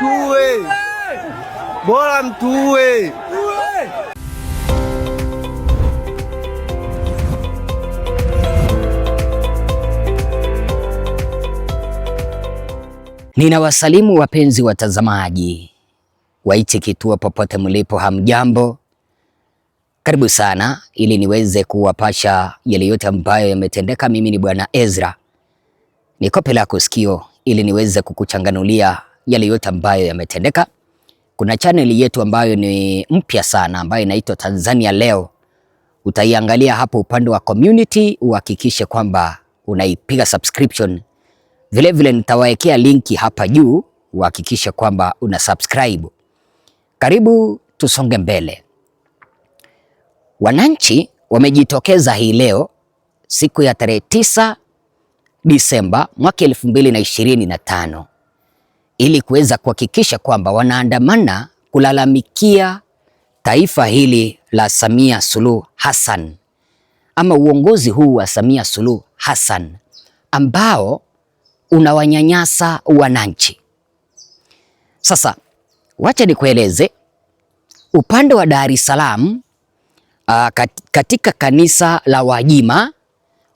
mtuue, bora mtuue. Ninawasalimu wapenzi watazamaji waite kituo popote mlipo, hamjambo? Karibu sana ili niweze kuwapasha yale yote ambayo yametendeka. Mimi ni Bwana Ezra, nikope lako sikio ili niweze kukuchanganulia yale yote ambayo yametendeka. Kuna chaneli yetu ambayo ni mpya sana ambayo inaitwa Tanzania Leo. Utaiangalia hapo upande wa community, uhakikishe kwamba unaipiga subscription. Vilevile nitawaekea linki hapa juu, uhakikishe kwamba una subscribe. Karibu tusonge mbele. Wananchi wamejitokeza hii leo siku ya tarehe 9 Disemba mwaka elfu mbili na ishirini na tano ili kuweza kuhakikisha kwamba wanaandamana kulalamikia taifa hili la Samia Suluhu Hassan ama uongozi huu wa Samia Suluhu Hassan ambao unawanyanyasa wananchi. Sasa wacha nikueleze upande wa Dar es Salaam, katika kanisa la Wajima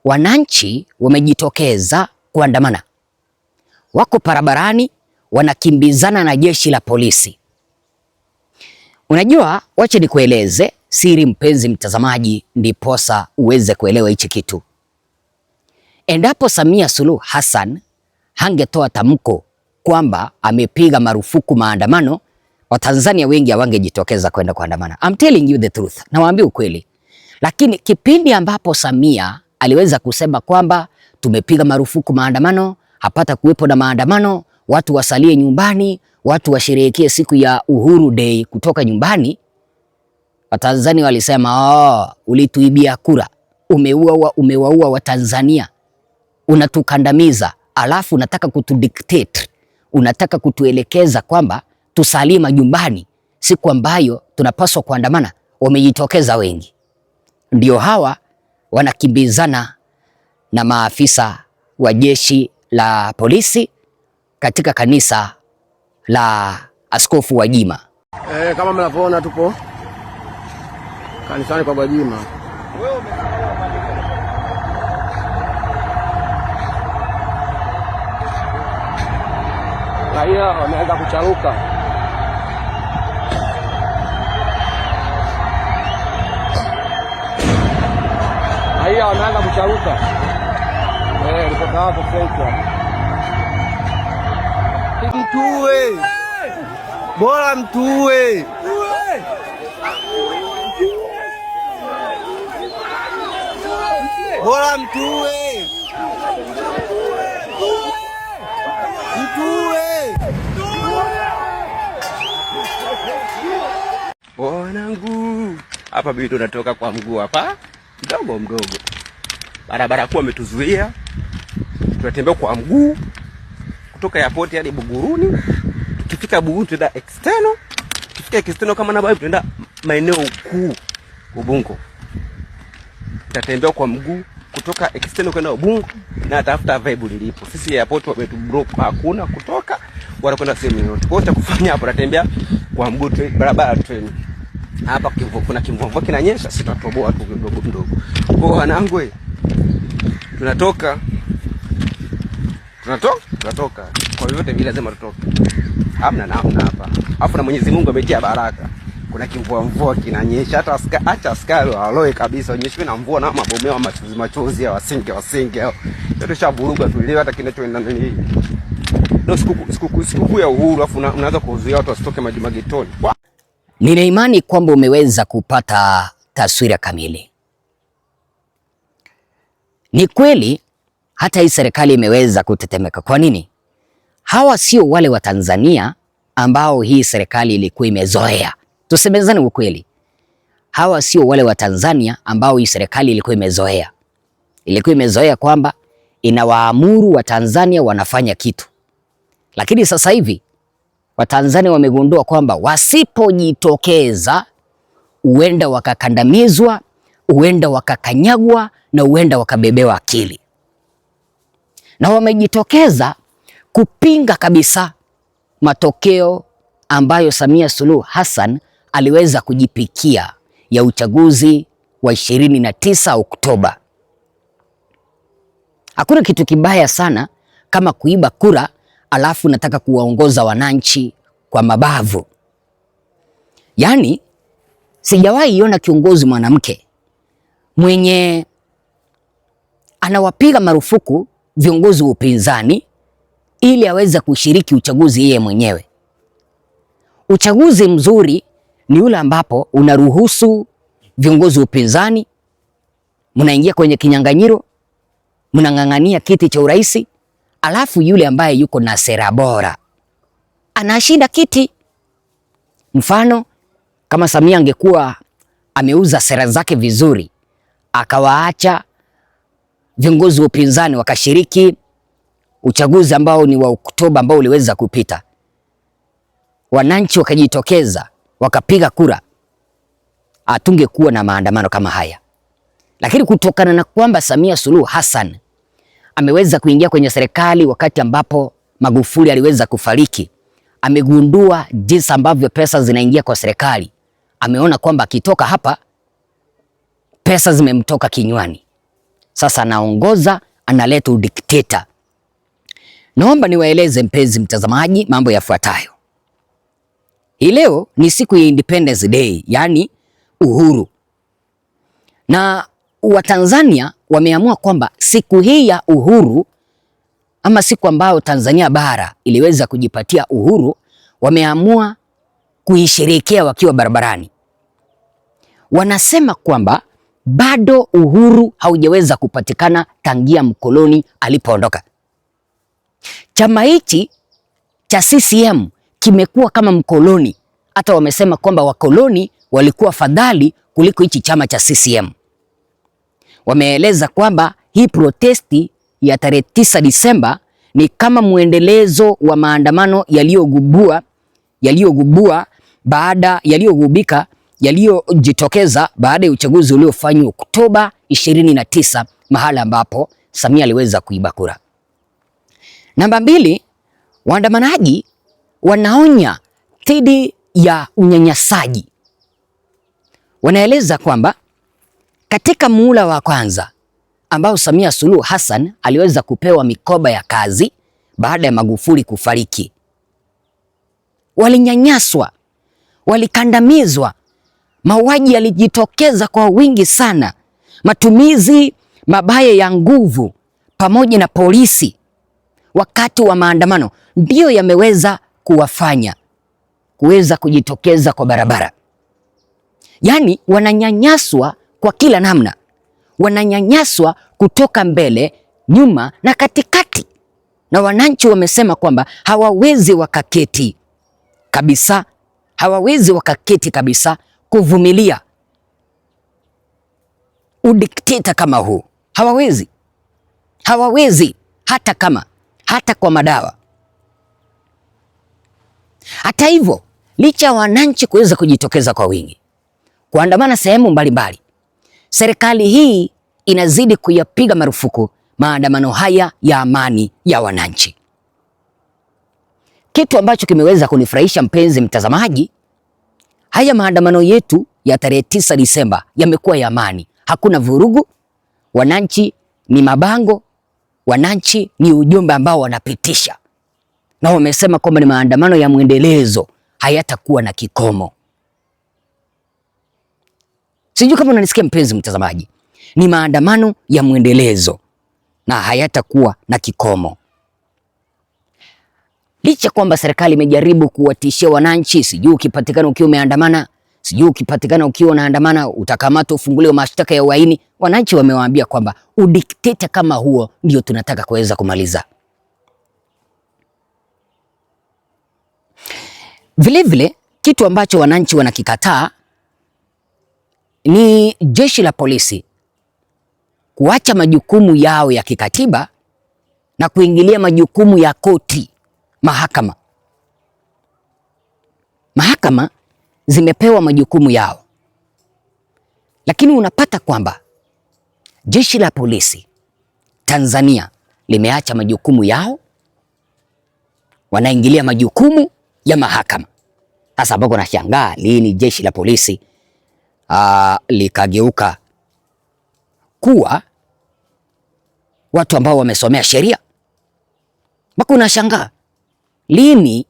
wananchi wamejitokeza kuandamana, wako barabarani wanakimbizana na jeshi la polisi. Unajua, wacha nikueleze siri, mpenzi mtazamaji, ndiposa uweze kuelewa hichi kitu. Endapo Samia Suluhu Hassan hangetoa tamko kwamba amepiga marufuku maandamano, Watanzania wengi hawangejitokeza kwenda kuandamana. I'm telling you the truth, nawaambia ukweli. Lakini kipindi ambapo Samia aliweza kusema kwamba tumepiga marufuku maandamano, hapata kuwepo na maandamano, watu wasalie nyumbani, watu washerehekee siku ya Uhuru Day kutoka nyumbani. Watanzania walisema oh, ulituibia kura, umeua umewaua Watanzania, unatukandamiza, alafu unataka kutudictate, unataka kutuelekeza kwamba tusalie majumbani siku ambayo tunapaswa kuandamana. Wamejitokeza wengi, ndio hawa wanakimbizana na maafisa wa jeshi la polisi katika kanisa la Askofu Gwajima. E, kama mnavyoona tupo kanisani kwa Gwajima. Raia wameanza kucharuka. Raia wameanza kucharuka. Eh, niko hapo Frank mtuue, bora mtuue. Bora mtuue. Mtuue. Wanangu. Oh, hapa bibi tunatoka kwa mguu hapa. Mdogo mdogo. Barabara kuwa ametuzuia. Tunatembea kwa mguu kutoka airport hadi Buguruni. Tukifika Buguruni tunaenda external, tukifika external kama Naba tunaenda maeneo kuu Ubungo. Tatembea kwa mguu kutoka external kwenda Ubungo na tafuta vibe lilipo. Sisi airport wametublock, hakuna kutoka wala kwenda sehemu yoyote. Kwa hiyo tutakufanya hapo, tatembea kwa mguu tu barabara tu. hapa kivu, kuna kimvua mvua kinanyesha, sitatoboa tu kidogo kidogo. Kwa wanangu, tunatoka tunatoka tunatoka kwa vyovyote vile, lazima tutoke, hamna na hamna hapa. Afu na Mwenyezi Mungu ametia baraka, kuna kimvua mvua kinanyesha, hata aska, hata askari waloe kabisa, onyeshwe na mvua na mabomeo machozi machozi, ya wasinge wasinge, yote yote shaburuga tuelewe hata kinachoenda nini. Ndio sikukuu siku ya uhuru, afu unaanza kuzuia watu wasitoke magetoni. Nina imani kwamba umeweza kupata taswira kamili. Ni kweli hata hii serikali imeweza kutetemeka. Kwa nini? Hawa sio wale wa Tanzania ambao hii serikali ilikuwa imezoea. Tusemezane ukweli, hawa sio wale wa Tanzania ambao hii serikali ilikuwa imezoea. Ilikuwa imezoea kwamba inawaamuru Watanzania wanafanya kitu, lakini sasa hivi Watanzania wamegundua kwamba wasipojitokeza huenda wakakandamizwa, huenda wakakanyagwa na huenda wakabebewa akili na wamejitokeza kupinga kabisa matokeo ambayo Samia Suluhu Hassan aliweza kujipikia ya uchaguzi wa 29 Oktoba. Hakuna kitu kibaya sana kama kuiba kura alafu nataka kuwaongoza wananchi kwa mabavu. Yaani sijawahi iona kiongozi mwanamke mwenye anawapiga marufuku viongozi wa upinzani ili aweze kushiriki uchaguzi yeye mwenyewe. Uchaguzi mzuri ni ule ambapo unaruhusu viongozi wa upinzani, mnaingia kwenye kinyang'anyiro, mnang'ang'ania kiti cha urais, alafu yule ambaye yuko na sera bora anashinda kiti. Mfano kama Samia angekuwa ameuza sera zake vizuri, akawaacha viongozi wa upinzani wakashiriki uchaguzi ambao ni wa Oktoba ambao uliweza kupita, wananchi wakajitokeza wakapiga kura, hatungekuwa ah, na maandamano kama haya. Lakini kutokana na kwamba Samia Suluhu Hassan ameweza kuingia kwenye serikali wakati ambapo Magufuli aliweza kufariki, amegundua jinsi ambavyo pesa zinaingia kwa serikali. Ameona kwamba akitoka hapa pesa zimemtoka kinywani. Sasa anaongoza, analeta udikteta. Naomba niwaeleze mpenzi mtazamaji mambo yafuatayo. Hii leo ni siku ya Independence Day, yaani uhuru, na Watanzania wameamua kwamba siku hii ya uhuru ama siku ambayo Tanzania bara iliweza kujipatia uhuru, wameamua kuisherekea wakiwa barabarani. Wanasema kwamba bado uhuru haujaweza kupatikana tangia mkoloni alipoondoka. Chama hichi cha CCM kimekuwa kama mkoloni, hata wamesema kwamba wakoloni walikuwa fadhali kuliko hichi chama cha CCM. Wameeleza kwamba hii protesti ya tarehe 9 Disemba ni kama mwendelezo wa maandamano yaliyogubua yaliyogubua baada yaliyogubika yaliyojitokeza baada ya uchaguzi uliofanywa Oktoba 29 mahala ambapo Samia aliweza kuiba kura. Namba mbili, waandamanaji wanaonya dhidi ya unyanyasaji. Wanaeleza kwamba katika muhula wa kwanza ambao Samia Suluhu Hassan aliweza kupewa mikoba ya kazi baada ya Magufuli kufariki, walinyanyaswa, walikandamizwa Mauaji yalijitokeza kwa wingi sana, matumizi mabaya ya nguvu pamoja na polisi wakati wa maandamano ndiyo yameweza kuwafanya kuweza kujitokeza kwa barabara. Yaani wananyanyaswa kwa kila namna, wananyanyaswa kutoka mbele, nyuma na katikati, na wananchi wamesema kwamba hawawezi wakaketi kabisa, hawawezi wakaketi kabisa kuvumilia udikteta kama huu. Hawawezi, hawawezi, hata kama hata kwa madawa. Hata hivyo, licha ya wananchi kuweza kujitokeza kwa wingi kuandamana sehemu mbalimbali, serikali hii inazidi kuyapiga marufuku maandamano haya ya amani ya wananchi. Kitu ambacho kimeweza kunifurahisha mpenzi mtazamaji Haya maandamano yetu ya tarehe tisa Disemba yamekuwa ya amani, hakuna vurugu. Wananchi ni mabango, wananchi ni ujumbe ambao wanapitisha, na wamesema kwamba ni maandamano ya mwendelezo, hayatakuwa na kikomo. Sijui kama unanisikia mpenzi mtazamaji, ni maandamano ya mwendelezo na hayatakuwa na kikomo licha kwamba serikali imejaribu kuwatishia wananchi, sijui ukipatikana ukiwa umeandamana, sijui ukipatikana ukiwa unaandamana utakamatwa, ufunguliwe mashtaka ya uhaini. Wananchi wamewaambia kwamba udikteta kama huo ndio tunataka kuweza kumaliza. Vilevile vile, kitu ambacho wananchi wanakikataa ni jeshi la polisi kuacha majukumu yao ya kikatiba na kuingilia majukumu ya koti mahakama. Mahakama zimepewa majukumu yao, lakini unapata kwamba jeshi la polisi Tanzania limeacha majukumu yao, wanaingilia majukumu ya mahakama. Sasa ambako nashangaa lini jeshi la polisi aa, likageuka kuwa watu ambao wamesomea sheria, mpaka unashangaa Lini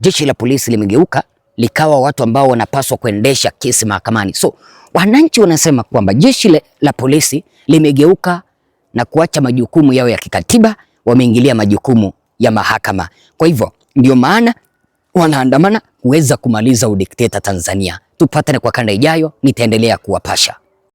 jeshi la polisi limegeuka likawa watu ambao wanapaswa kuendesha kesi mahakamani? So wananchi wanasema kwamba jeshi la, la polisi limegeuka na kuacha majukumu yao ya kikatiba, wameingilia majukumu ya mahakama. Kwa hivyo ndio maana wanaandamana kuweza kumaliza udikteta Tanzania. Tupatane kwa kanda ijayo, nitaendelea kuwapasha.